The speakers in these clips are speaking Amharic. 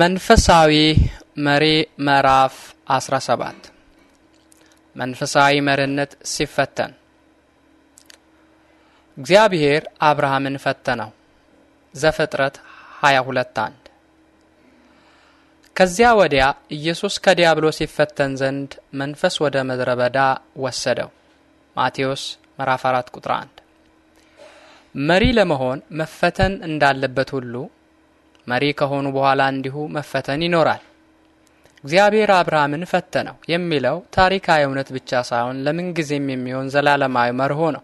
መንፈሳዊ መሪ ምዕራፍ 17 መንፈሳዊ መሪነት ሲፈተን እግዚአብሔር አብርሃምን ፈተነው። ዘፍጥረት 22 1 ከዚያ ወዲያ ኢየሱስ ከዲያብሎስ ሲፈተን ዘንድ መንፈስ ወደ ምድረ በዳ ወሰደው። ማቴዎስ ምዕራፍ 4 ቁጥር 1 መሪ ለመሆን መፈተን እንዳለበት ሁሉ መሪ ከሆኑ በኋላ እንዲሁ መፈተን ይኖራል። እግዚአብሔር አብርሃምን ፈተነው የሚለው ታሪካዊ እውነት ብቻ ሳይሆን ለምንጊዜም የሚሆን ዘላለማዊ መርሆ ነው።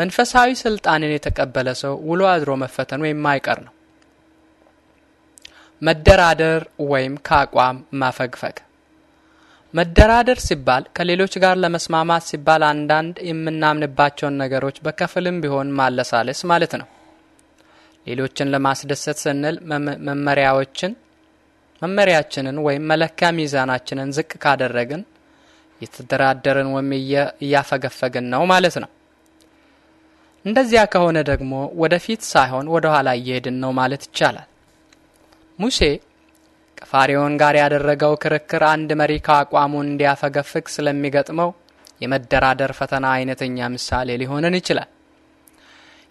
መንፈሳዊ ስልጣንን የተቀበለ ሰው ውሎ አድሮ መፈተኑ የማይቀር ነው። መደራደር ወይም ከአቋም ማፈግፈግ። መደራደር ሲባል ከሌሎች ጋር ለመስማማት ሲባል አንዳንድ የምናምንባቸውን ነገሮች በከፍልም ቢሆን ማለሳለስ ማለት ነው። ሌሎችን ለማስደሰት ስንል መመሪያዎችን መመሪያችንን ወይም መለኪያ ሚዛናችንን ዝቅ ካደረግን የተደራደርን ወይም እያፈገፈግን ነው ማለት ነው። እንደዚያ ከሆነ ደግሞ ወደፊት ሳይሆን ወደ ኋላ እየሄድን ነው ማለት ይቻላል። ሙሴ ከፋሪዮን ጋር ያደረገው ክርክር አንድ መሪ ከአቋሙ እንዲያፈገፍግ ስለሚገጥመው የመደራደር ፈተና አይነተኛ ምሳሌ ሊሆንን ይችላል።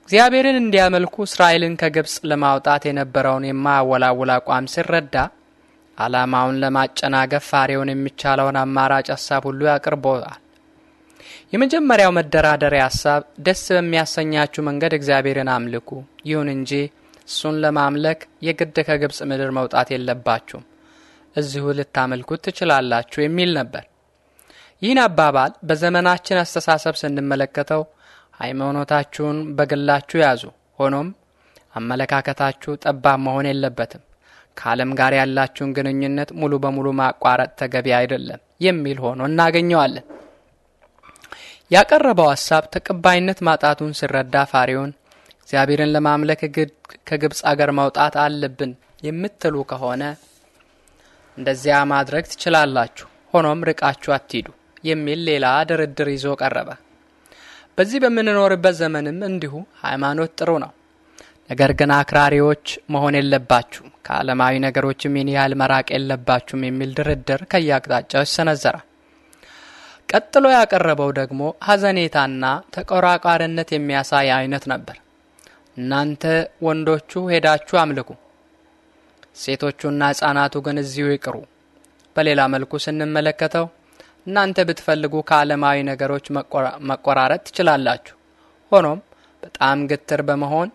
እግዚአብሔርን እንዲያመልኩ እስራኤልን ከግብፅ ለማውጣት የነበረውን የማያወላውል አቋም ሲረዳ ዓላማውን ለማጨናገፍ ፋሬውን የሚቻለውን አማራጭ ሀሳብ ሁሉ ያቅርቦታል። የመጀመሪያው መደራደሪያ ሀሳብ ደስ በሚያሰኛችሁ መንገድ እግዚአብሔርን አምልኩ፣ ይሁን እንጂ እሱን ለማምለክ የግድ ከግብፅ ምድር መውጣት የለባችሁም፣ እዚሁ ልታመልኩት ትችላላችሁ የሚል ነበር። ይህን አባባል በዘመናችን አስተሳሰብ ስንመለከተው ሃይማኖታችሁን በግላችሁ ያዙ። ሆኖም አመለካከታችሁ ጠባብ መሆን የለበትም። ከዓለም ጋር ያላችሁን ግንኙነት ሙሉ በሙሉ ማቋረጥ ተገቢ አይደለም የሚል ሆኖ እናገኘዋለን። ያቀረበው ሀሳብ ተቀባይነት ማጣቱን ሲረዳ ፋሪውን እግዚአብሔርን ለማምለክ ከግብፅ አገር መውጣት አለብን የምትሉ ከሆነ እንደዚያ ማድረግ ትችላላችሁ፣ ሆኖም ርቃችሁ አትሂዱ የሚል ሌላ ድርድር ይዞ ቀረበ። በዚህ በምንኖርበት ዘመንም እንዲሁ ሃይማኖት ጥሩ ነው። ነገር ግን አክራሪዎች መሆን የለባችሁም፣ ከዓለማዊ ነገሮች ምን ያህል መራቅ የለባችሁም የሚል ድርድር ከየአቅጣጫዎች ይሰነዘራል። ቀጥሎ ያቀረበው ደግሞ ሐዘኔታና ተቆራቋርነት የሚያሳይ አይነት ነበር። እናንተ ወንዶቹ ሄዳችሁ አምልኩ፣ ሴቶቹና ሕፃናቱ ግን እዚሁ ይቅሩ። በሌላ መልኩ ስንመለከተው እናንተ ብትፈልጉ ከዓለማዊ ነገሮች መቆራረጥ ትችላላችሁ። ሆኖም በጣም ግትር በመሆን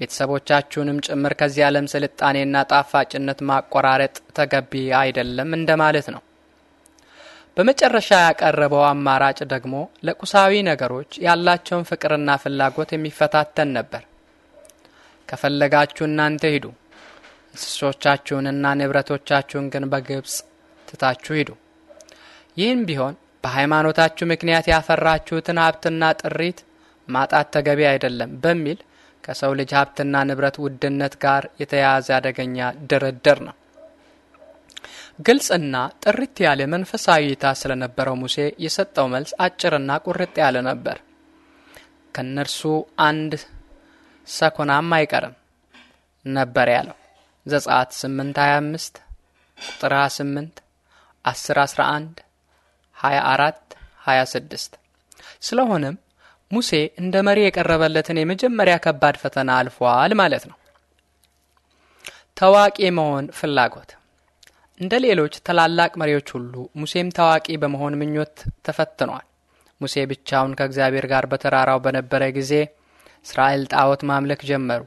ቤተሰቦቻችሁንም ጭምር ከዚህ ዓለም ስልጣኔና ጣፋጭነት ማቆራረጥ ተገቢ አይደለም እንደማለት ነው። በመጨረሻ ያቀረበው አማራጭ ደግሞ ለቁሳዊ ነገሮች ያላቸውን ፍቅርና ፍላጎት የሚፈታተን ነበር። ከፈለጋችሁ እናንተ ሂዱ፣ እንስሶቻችሁንና ንብረቶቻችሁን ግን በግብፅ ትታችሁ ሂዱ። ይህም ቢሆን በሃይማኖታችሁ ምክንያት ያፈራችሁትን ሀብትና ጥሪት ማጣት ተገቢ አይደለም በሚል ከሰው ልጅ ሀብትና ንብረት ውድነት ጋር የተያያዘ አደገኛ ድርድር ነው። ግልጽና ጥርት ያለ መንፈሳዊ እይታ ስለነበረው ሙሴ የሰጠው መልስ አጭርና ቁርጥ ያለ ነበር። ከእነርሱ አንድ ሰኮናም አይቀርም ነበር ያለው። ዘጸአት 8 25 ቁጥር 28 10 11 24 26 ስለሆነም ሙሴ እንደ መሪ የቀረበለትን የመጀመሪያ ከባድ ፈተና አልፏል ማለት ነው። ታዋቂ መሆን ፍላጎት እንደ ሌሎች ታላላቅ መሪዎች ሁሉ ሙሴም ታዋቂ በመሆን ምኞት ተፈትኗል። ሙሴ ብቻውን ከእግዚአብሔር ጋር በተራራው በነበረ ጊዜ እስራኤል ጣዖት ማምለክ ጀመሩ።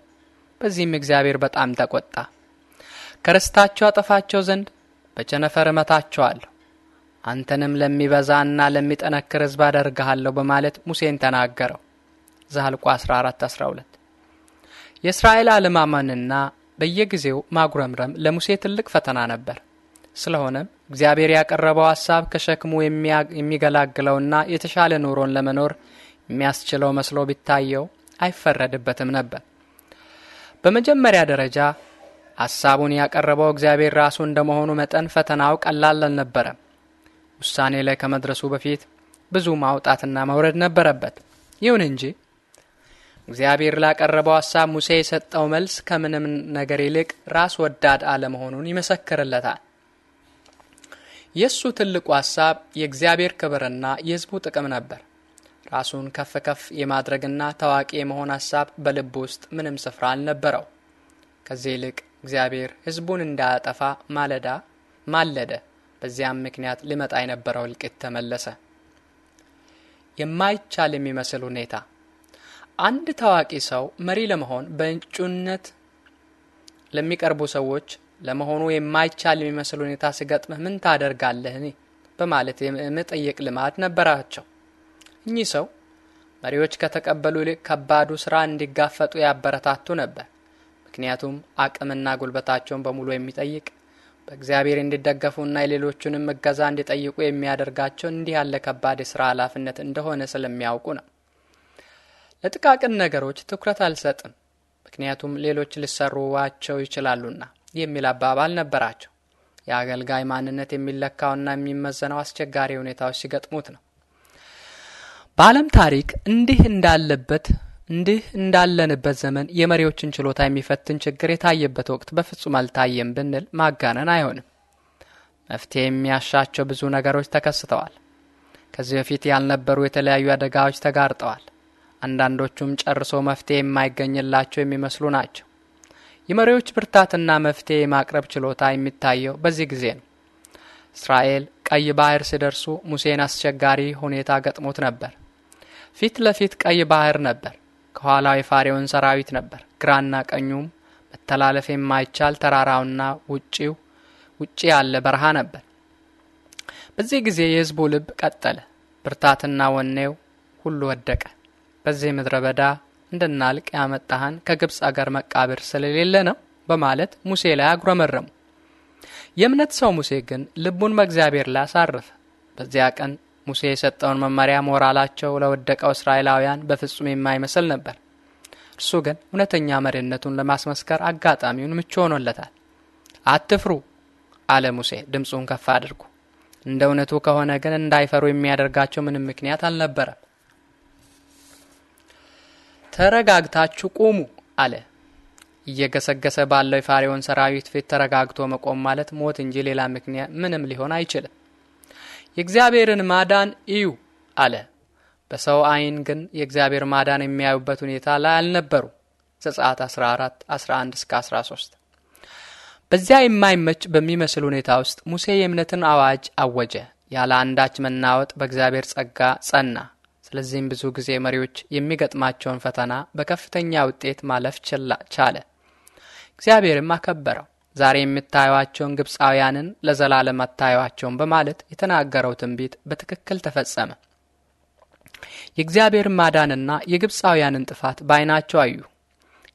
በዚህም እግዚአብሔር በጣም ተቆጣ። ከርስታቸው አጠፋቸው ዘንድ በቸነፈር እመታቸዋለሁ አንተንም ለሚበዛና ለሚጠነክር ሕዝብ አደርግሃለሁ በማለት ሙሴን ተናገረው። ዘኍልቍ 14 12 የእስራኤል አለማመንና በየጊዜው ማጉረምረም ለሙሴ ትልቅ ፈተና ነበር። ስለሆነም እግዚአብሔር ያቀረበው ሐሳብ ከሸክሙ የሚገላግለውና የተሻለ ኑሮን ለመኖር የሚያስችለው መስሎ ቢታየው አይፈረድበትም ነበር። በመጀመሪያ ደረጃ ሐሳቡን ያቀረበው እግዚአብሔር ራሱ እንደመሆኑ መጠን ፈተናው ቀላል አልነበረም። ውሳኔ ላይ ከመድረሱ በፊት ብዙ ማውጣትና መውረድ ነበረበት። ይሁን እንጂ እግዚአብሔር ላቀረበው ሐሳብ ሙሴ የሰጠው መልስ ከምንም ነገር ይልቅ ራስ ወዳድ አለመሆኑን ይመሰክርለታል። የእሱ ትልቁ ሐሳብ የእግዚአብሔር ክብርና የሕዝቡ ጥቅም ነበር። ራሱን ከፍ ከፍ የማድረግና ታዋቂ የመሆን ሐሳብ በልብ ውስጥ ምንም ስፍራ አልነበረው። ከዚህ ይልቅ እግዚአብሔር ሕዝቡን እንዳያጠፋ ማለዳ ማለደ። በዚያም ምክንያት ሊመጣ የነበረው እልቂት ተመለሰ። የማይቻል የሚመስል ሁኔታ አንድ ታዋቂ ሰው መሪ ለመሆን በእጩነት ለሚቀርቡ ሰዎች ለመሆኑ የማይቻል የሚመስል ሁኔታ ሲገጥምህ ምን ታደርጋለህ? በማለት የመጠየቅ ልማድ ነበራቸው። እኚህ ሰው መሪዎች ከተቀበሉ ይልቅ ከባዱ ስራ እንዲጋፈጡ ያበረታቱ ነበር። ምክንያቱም አቅምና ጉልበታቸውን በሙሉ የሚጠይቅ በእግዚአብሔር እንዲደገፉና የሌሎቹንም እገዛ እንዲጠይቁ የሚያደርጋቸው እንዲህ ያለ ከባድ የሥራ ኃላፊነት እንደሆነ ስለሚያውቁ ነው። ለጥቃቅን ነገሮች ትኩረት አልሰጥም፣ ምክንያቱም ሌሎች ሊሰሩዋቸው ይችላሉና የሚል አባባል ነበራቸው። የአገልጋይ ማንነት የሚለካውና የሚመዘነው አስቸጋሪ ሁኔታዎች ሲገጥሙት ነው። በዓለም ታሪክ እንዲህ እንዳለበት እንዲህ እንዳለንበት ዘመን የመሪዎችን ችሎታ የሚፈትን ችግር የታየበት ወቅት በፍጹም አልታየም ብንል ማጋነን አይሆንም። መፍትሄ የሚያሻቸው ብዙ ነገሮች ተከስተዋል። ከዚህ በፊት ያልነበሩ የተለያዩ አደጋዎች ተጋርጠዋል። አንዳንዶቹም ጨርሶ መፍትሄ የማይገኝላቸው የሚመስሉ ናቸው። የመሪዎች ብርታትና መፍትሄ የማቅረብ ችሎታ የሚታየው በዚህ ጊዜ ነው። እስራኤል ቀይ ባህር ሲደርሱ ሙሴን አስቸጋሪ ሁኔታ ገጥሞት ነበር። ፊት ለፊት ቀይ ባህር ነበር። ከኋላው የፋሬውን ሰራዊት ነበር። ግራና ቀኙም መተላለፍ የማይቻል ተራራውና ውጪው ውጪ ያለ በረሃ ነበር። በዚህ ጊዜ የህዝቡ ልብ ቀጠለ፣ ብርታትና ወኔው ሁሉ ወደቀ። በዚህ ምድረ በዳ እንድናልቅ ያመጣህን ከግብፅ አገር መቃብር ስለሌለ ነው በማለት ሙሴ ላይ አጉረመረሙ። የእምነት ሰው ሙሴ ግን ልቡን በእግዚአብሔር ላይ አሳረፈ። በዚያ ቀን ሙሴ የሰጠውን መመሪያ ሞራላቸው ለወደቀው እስራኤላውያን በፍጹም የማይመስል ነበር። እርሱ ግን እውነተኛ መሪነቱን ለማስመስከር አጋጣሚውን ምቹ ሆኖለታል። አትፍሩ አለ ሙሴ ድምፁን ከፍ አድርጉ። እንደ እውነቱ ከሆነ ግን እንዳይፈሩ የሚያደርጋቸው ምንም ምክንያት አልነበረም። ተረጋግታችሁ ቁሙ አለ። እየገሰገሰ ባለው የፋርዖን ሰራዊት ፊት ተረጋግቶ መቆም ማለት ሞት እንጂ ሌላ ምክንያት ምንም ሊሆን አይችልም። የእግዚአብሔርን ማዳን እዩ አለ። በሰው አይን ግን የእግዚአብሔር ማዳን የሚያዩበት ሁኔታ ላይ አልነበሩ። ዘጸአት 14 11 እስከ 13 በዚያ የማይመች በሚመስል ሁኔታ ውስጥ ሙሴ የእምነትን አዋጅ አወጀ። ያለ አንዳች መናወጥ በእግዚአብሔር ጸጋ ጸና። ስለዚህም ብዙ ጊዜ መሪዎች የሚገጥማቸውን ፈተና በከፍተኛ ውጤት ማለፍ ቻለ። እግዚአብሔርም አከበረው። ዛሬ የምታዩቸውን ግብፃውያንን ለዘላለም አታዩዋቸውም በማለት የተናገረው ትንቢት በትክክል ተፈጸመ። የእግዚአብሔር ማዳንና የግብፃውያንን ጥፋት በዓይናቸው አዩ።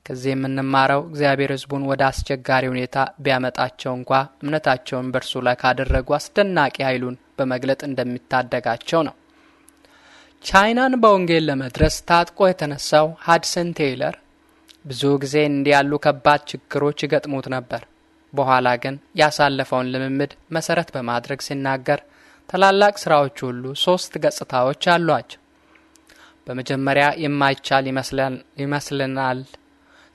ከዚህ የምንማረው እግዚአብሔር ሕዝቡን ወደ አስቸጋሪ ሁኔታ ቢያመጣቸው እንኳ እምነታቸውን በእርሱ ላይ ካደረጉ አስደናቂ ኃይሉን በመግለጥ እንደሚታደጋቸው ነው። ቻይናን በወንጌል ለመድረስ ታጥቆ የተነሳው ሀድሰን ቴይለር ብዙ ጊዜ እንዲህ ያሉ ከባድ ችግሮች ይገጥሙት ነበር። በኋላ ግን ያሳለፈውን ልምምድ መሰረት በማድረግ ሲናገር ታላላቅ ስራዎች ሁሉ ሶስት ገጽታዎች አሏቸው። በመጀመሪያ የማይቻል ይመስልናል።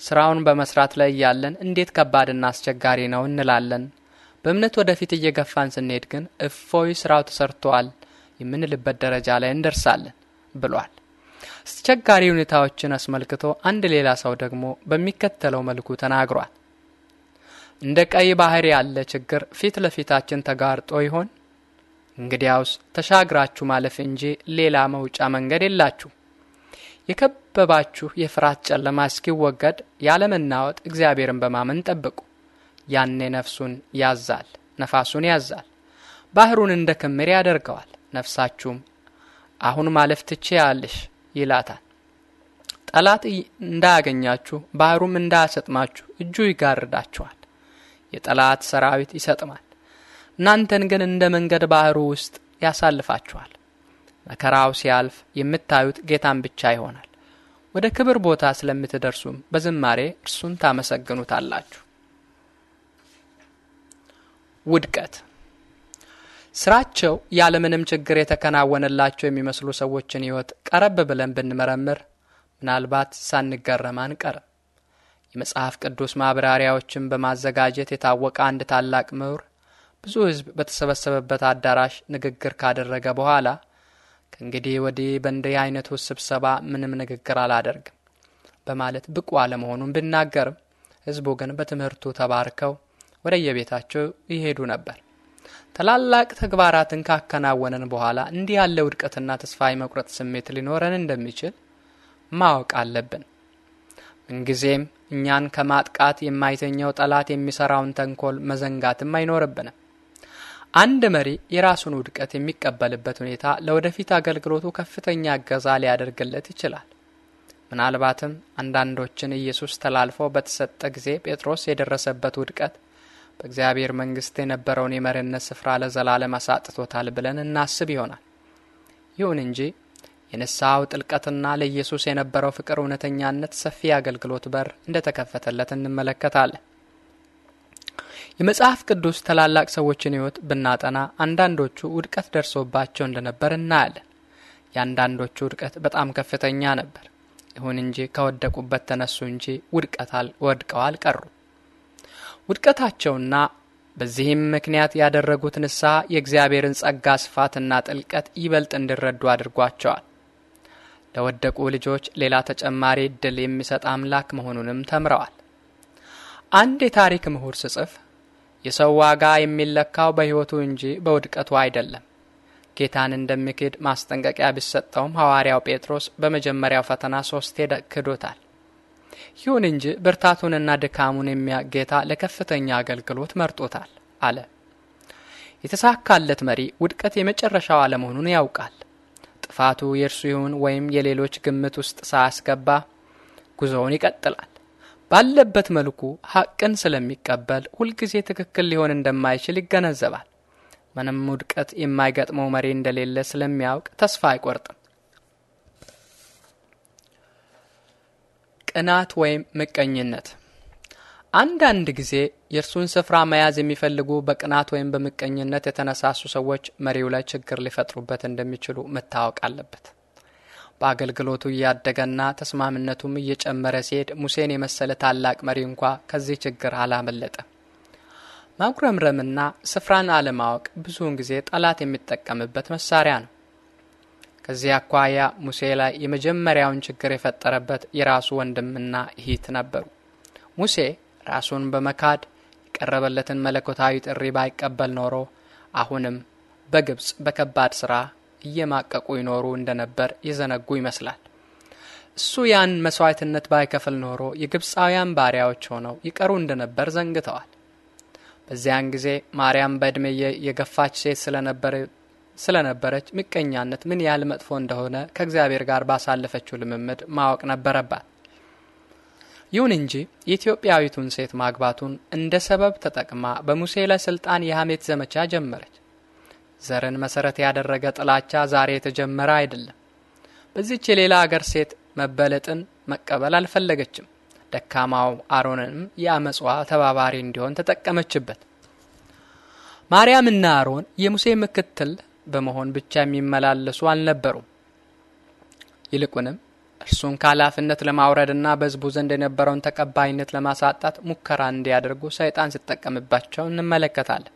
ስራውን በመስራት ላይ እያለን እንዴት ከባድና አስቸጋሪ ነው እንላለን። በእምነት ወደፊት እየገፋን ስንሄድ ግን እፎይ ስራው ተሰርቷል የምንልበት ደረጃ ላይ እንደርሳለን ብሏል። አስቸጋሪ ሁኔታዎችን አስመልክቶ አንድ ሌላ ሰው ደግሞ በሚከተለው መልኩ ተናግሯል። እንደ ቀይ ባህር ያለ ችግር ፊት ለፊታችን ተጋርጦ ይሆን? እንግዲያውስ ተሻግራችሁ ማለፍ እንጂ ሌላ መውጫ መንገድ የላችሁ። የከበባችሁ የፍርሃት ጨለማ እስኪወገድ ያለመናወጥ እግዚአብሔርን በማመን ጠብቁ። ያኔ ነፍሱን ያዛል፣ ነፋሱን ያዛል፣ ባህሩን እንደ ክምር ያደርገዋል። ነፍሳችሁም አሁን ማለፍ ትችያለሽ ይላታል። ጠላት እንዳያገኛችሁ፣ ባህሩም እንዳያሰጥማችሁ እጁ ይጋርዳችኋል። የጠላት ሰራዊት ይሰጥማል። እናንተን ግን እንደ መንገድ ባህሩ ውስጥ ያሳልፋችኋል። መከራው ሲያልፍ የምታዩት ጌታን ብቻ ይሆናል። ወደ ክብር ቦታ ስለምትደርሱም በዝማሬ እርሱን ታመሰግኑታላችሁ። ውድቀት ስራቸው ያለምንም ችግር የተከናወነላቸው የሚመስሉ ሰዎችን ሕይወት ቀረብ ብለን ብንመረምር ምናልባት ሳንገረም አንቀርም። የመጽሐፍ ቅዱስ ማብራሪያዎችን በማዘጋጀት የታወቀ አንድ ታላቅ ምሁር ብዙ ሕዝብ በተሰበሰበበት አዳራሽ ንግግር ካደረገ በኋላ ከእንግዲህ ወዲህ በእንዲህ አይነቱ ስብሰባ ምንም ንግግር አላደርግም በማለት ብቁ አለመሆኑን ቢናገርም ሕዝቡ ግን በትምህርቱ ተባርከው ወደየቤታቸው ይሄዱ ነበር። ታላላቅ ተግባራትን ካከናወንን በኋላ እንዲህ ያለ ውድቀትና ተስፋ የመቁረጥ ስሜት ሊኖረን እንደሚችል ማወቅ አለብን። ምንጊዜም እኛን ከማጥቃት የማይተኛው ጠላት የሚሰራውን ተንኮል መዘንጋትም አይኖርብንም። አንድ መሪ የራሱን ውድቀት የሚቀበልበት ሁኔታ ለወደፊት አገልግሎቱ ከፍተኛ እገዛ ሊያደርግለት ይችላል። ምናልባትም አንዳንዶችን ኢየሱስ ተላልፎ በተሰጠ ጊዜ ጴጥሮስ የደረሰበት ውድቀት በእግዚአብሔር መንግሥት የነበረውን የመሪነት ስፍራ ለዘላለም አሳጥቶታል ብለን እናስብ ይሆናል። ይሁን እንጂ የንስሐው ጥልቀትና ለኢየሱስ የነበረው ፍቅር እውነተኛነት ሰፊ አገልግሎት በር እንደተከፈተለት እንመለከታለን። የመጽሐፍ ቅዱስ ታላላቅ ሰዎችን ሕይወት ብናጠና አንዳንዶቹ ውድቀት ደርሶባቸው እንደነበር እናያለን። የአንዳንዶቹ ውድቀት በጣም ከፍተኛ ነበር። ይሁን እንጂ ከወደቁበት ተነሱ እንጂ ወድቀው አልቀሩ። ውድቀታቸውና በዚህም ምክንያት ያደረጉት ንስሐ የእግዚአብሔርን ጸጋ ስፋትና ጥልቀት ይበልጥ እንዲረዱ አድርጓቸዋል። ለወደቁ ልጆች ሌላ ተጨማሪ እድል የሚሰጥ አምላክ መሆኑንም ተምረዋል። አንድ የታሪክ ምሁር ስጽፍ የሰው ዋጋ የሚለካው በሕይወቱ እንጂ በውድቀቱ አይደለም ጌታን እንደሚክድ ማስጠንቀቂያ ቢሰጠውም ሐዋርያው ጴጥሮስ በመጀመሪያው ፈተና ሶስቴ ክዶታል። ይሁን እንጂ ብርታቱንና ድካሙን የሚያጌታ ጌታ ለከፍተኛ አገልግሎት መርጦታል አለ። የተሳካለት መሪ ውድቀት የመጨረሻው አለመሆኑን ያውቃል። ጥፋቱ የእርሱ ይሁን ወይም የሌሎች ግምት ውስጥ ሳያስገባ ጉዞውን ይቀጥላል። ባለበት መልኩ ሐቅን ስለሚቀበል ሁልጊዜ ትክክል ሊሆን እንደማይችል ይገነዘባል። ምንም ውድቀት የማይገጥመው መሪ እንደሌለ ስለሚያውቅ ተስፋ አይቆርጥም። ቅናት ወይም ምቀኝነት አንዳንድ ጊዜ የእርሱን ስፍራ መያዝ የሚፈልጉ በቅናት ወይም በምቀኝነት የተነሳሱ ሰዎች መሪው ላይ ችግር ሊፈጥሩበት እንደሚችሉ መታወቅ አለበት። በአገልግሎቱ እያደገና ተስማምነቱም እየጨመረ ሲሄድ ሙሴን የመሰለ ታላቅ መሪ እንኳ ከዚህ ችግር አላመለጠ። ማጉረምረምና ስፍራን አለማወቅ ብዙውን ጊዜ ጠላት የሚጠቀምበት መሳሪያ ነው። ከዚህ አኳያ ሙሴ ላይ የመጀመሪያውን ችግር የፈጠረበት የራሱ ወንድምና እህት ነበሩ። ሙሴ ራሱን በመካድ የቀረበለትን መለኮታዊ ጥሪ ባይቀበል ኖሮ አሁንም በግብፅ በከባድ ሥራ እየማቀቁ ይኖሩ እንደነበር የዘነጉ ይመስላል። እሱ ያን መሥዋዕትነት ባይከፍል ኖሮ የግብፃውያን ባሪያዎች ሆነው ይቀሩ እንደነበር ዘንግተዋል። በዚያን ጊዜ ማርያም በዕድሜ የገፋች ሴት ስለነበረች ምቀኛነት ምን ያህል መጥፎ እንደሆነ ከእግዚአብሔር ጋር ባሳለፈችው ልምምድ ማወቅ ነበረባት። ይሁን እንጂ የኢትዮጵያዊቱን ሴት ማግባቱን እንደ ሰበብ ተጠቅማ በሙሴ ላይ ስልጣን የሐሜት ዘመቻ ጀመረች። ዘርን መሰረት ያደረገ ጥላቻ ዛሬ የተጀመረ አይደለም። በዚች የሌላ አገር ሴት መበለጥን መቀበል አልፈለገችም። ደካማው አሮንንም የአመጽዋ ተባባሪ እንዲሆን ተጠቀመችበት። ማርያምና አሮን የሙሴ ምክትል በመሆን ብቻ የሚመላለሱ አልነበሩም። ይልቁንም እርሱን ከኃላፊነት ለማውረድና በሕዝቡ ዘንድ የነበረውን ተቀባይነት ለማሳጣት ሙከራ እንዲያደርጉ ሰይጣን ሲጠቀምባቸው እንመለከታለን።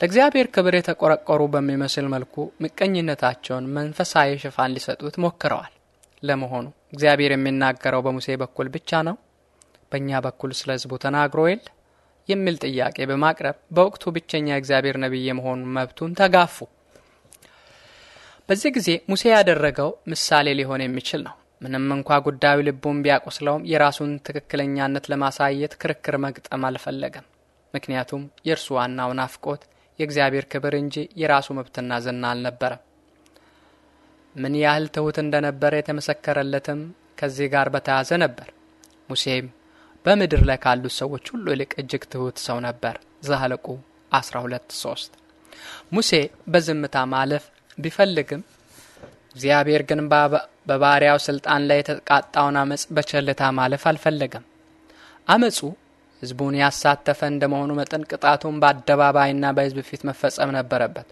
ለእግዚአብሔር ክብር የተቆረቆሩ በሚመስል መልኩ ምቀኝነታቸውን መንፈሳዊ ሽፋን ሊሰጡት ሞክረዋል። ለመሆኑ እግዚአብሔር የሚናገረው በሙሴ በኩል ብቻ ነው? በእኛ በኩል ስለ ሕዝቡ ተናግሮ የለ? የሚል ጥያቄ በማቅረብ በወቅቱ ብቸኛ የእግዚአብሔር ነቢይ የመሆኑን መብቱን ተጋፉ። በዚህ ጊዜ ሙሴ ያደረገው ምሳሌ ሊሆን የሚችል ነው። ምንም እንኳ ጉዳዩ ልቡን ቢያቆስለውም የራሱን ትክክለኛነት ለማሳየት ክርክር መግጠም አልፈለገም። ምክንያቱም የእርሱ ዋናው ናፍቆት የእግዚአብሔር ክብር እንጂ የራሱ መብትና ዝና አልነበረም። ምን ያህል ትሑት እንደነበረ የተመሰከረለትም ከዚህ ጋር በተያዘ ነበር። ሙሴም በምድር ላይ ካሉት ሰዎች ሁሉ ይልቅ እጅግ ትሑት ሰው ነበር። ዘኍልቍ 12፥3 ሙሴ በዝምታ ማለፍ ቢፈልግም እግዚአብሔር ግን በባሪያው ስልጣን ላይ የተቃጣውን አመፅ በቸልታ ማለፍ አልፈለገም። አመፁ ህዝቡን ያሳተፈ እንደመሆኑ መጠን ቅጣቱን በአደባባይና በህዝብ ፊት መፈጸም ነበረበት።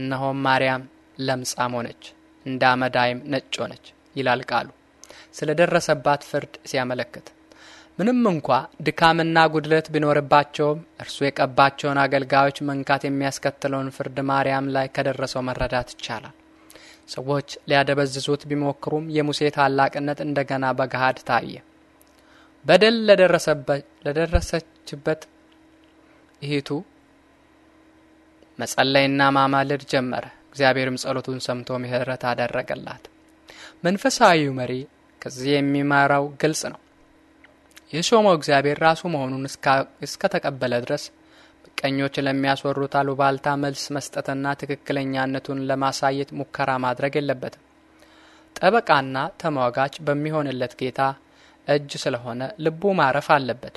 እነሆም ማርያም ለምጻም ሆነች፣ እንደ አመዳይም ነጭ ሆነች ይላል ቃሉ ስለ ደረሰባት ፍርድ ሲያመለክት ምንም እንኳ ድካምና ጉድለት ቢኖርባቸውም እርሱ የቀባቸውን አገልጋዮች መንካት የሚያስከትለውን ፍርድ ማርያም ላይ ከደረሰው መረዳት ይቻላል። ሰዎች ሊያደበዝዙት ቢሞክሩም የሙሴ ታላቅነት እንደገና በገሃድ ታየ። በደል ለደረሰችበት እህቱ መጸለይና ማማለድ ጀመረ። እግዚአብሔርም ጸሎቱን ሰምቶ ምሕረት አደረገላት። መንፈሳዊው መሪ ከዚህ የሚማራው ግልጽ ነው። የሾመው እግዚአብሔር ራሱ መሆኑን እስከ ተቀበለ ድረስ ምቀኞች ለሚያስወሩት አሉባልታ መልስ መስጠትና ትክክለኛነቱን ለማሳየት ሙከራ ማድረግ የለበትም። ጠበቃና ተሟጋች በሚሆንለት ጌታ እጅ ስለሆነ ልቡ ማረፍ አለበት።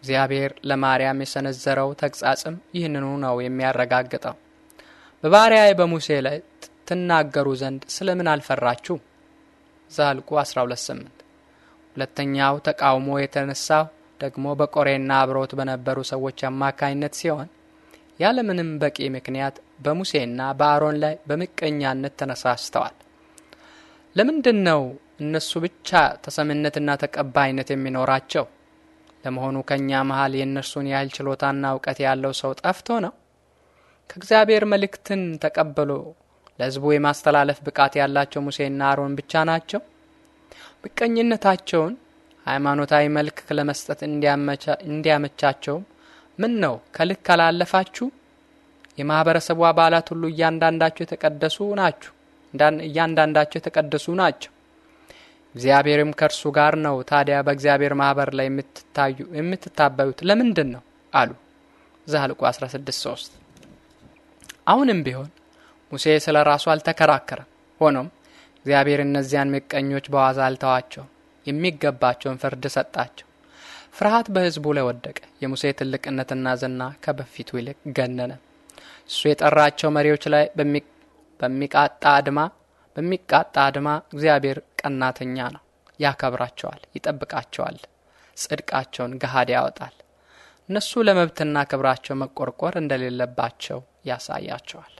እግዚአብሔር ለማርያም የሰነዘረው ተግጻጽም ይህንኑ ነው የሚያረጋግጠው። በባሪያዬ በሙሴ ላይ ትናገሩ ዘንድ ስለምን አልፈራችሁ? ዘኍልቍ 12፥8 ሁለተኛው ተቃውሞ የተነሳው ደግሞ በቆሬና አብረውት በነበሩ ሰዎች አማካኝነት ሲሆን ያለምንም በቂ ምክንያት በሙሴና በአሮን ላይ በምቀኛነት ተነሳስተዋል። ለምንድን ነው እነሱ ብቻ ተሰሚነትና ተቀባይነት የሚኖራቸው? ለመሆኑ ከእኛ መሃል የእነርሱን ያህል ችሎታና እውቀት ያለው ሰው ጠፍቶ ነው? ከእግዚአብሔር መልእክትን ተቀብሎ ለሕዝቡ የማስተላለፍ ብቃት ያላቸው ሙሴና አሮን ብቻ ናቸው? ምቀኝነታቸውን ሃይማኖታዊ መልክ ለመስጠት እንዲያመቻቸውም ምን ነው ከልክ አላለፋችሁ? የማህበረሰቡ አባላት ሁሉ እያንዳንዳቸው የተቀደሱ ናችሁ እያንዳንዳቸው የተቀደሱ ናቸው፣ እግዚአብሔርም ከእርሱ ጋር ነው። ታዲያ በእግዚአብሔር ማህበር ላይ የምትታዩ የምትታበዩት ለምንድን ነው አሉ። ዘኍልቍ 16፥3 አሁንም ቢሆን ሙሴ ስለ ራሱ አልተከራከረም። ሆኖም እግዚአብሔር እነዚያን ምቀኞች በዋዛ አልተዋቸው፣ የሚገባቸውን ፍርድ ሰጣቸው። ፍርሃት በሕዝቡ ላይ ወደቀ። የሙሴ ትልቅነትና ዝና ከበፊቱ ይልቅ ገነነ። እሱ የጠራቸው መሪዎች ላይ በሚቃጣ አድማ በሚቃጣ አድማ እግዚአብሔር ቀናተኛ ነው። ያከብራቸዋል፣ ይጠብቃቸዋል፣ ጽድቃቸውን ገሃድ ያወጣል። እነሱ ለመብትና ክብራቸው መቆርቆር እንደሌለባቸው ያሳያቸዋል።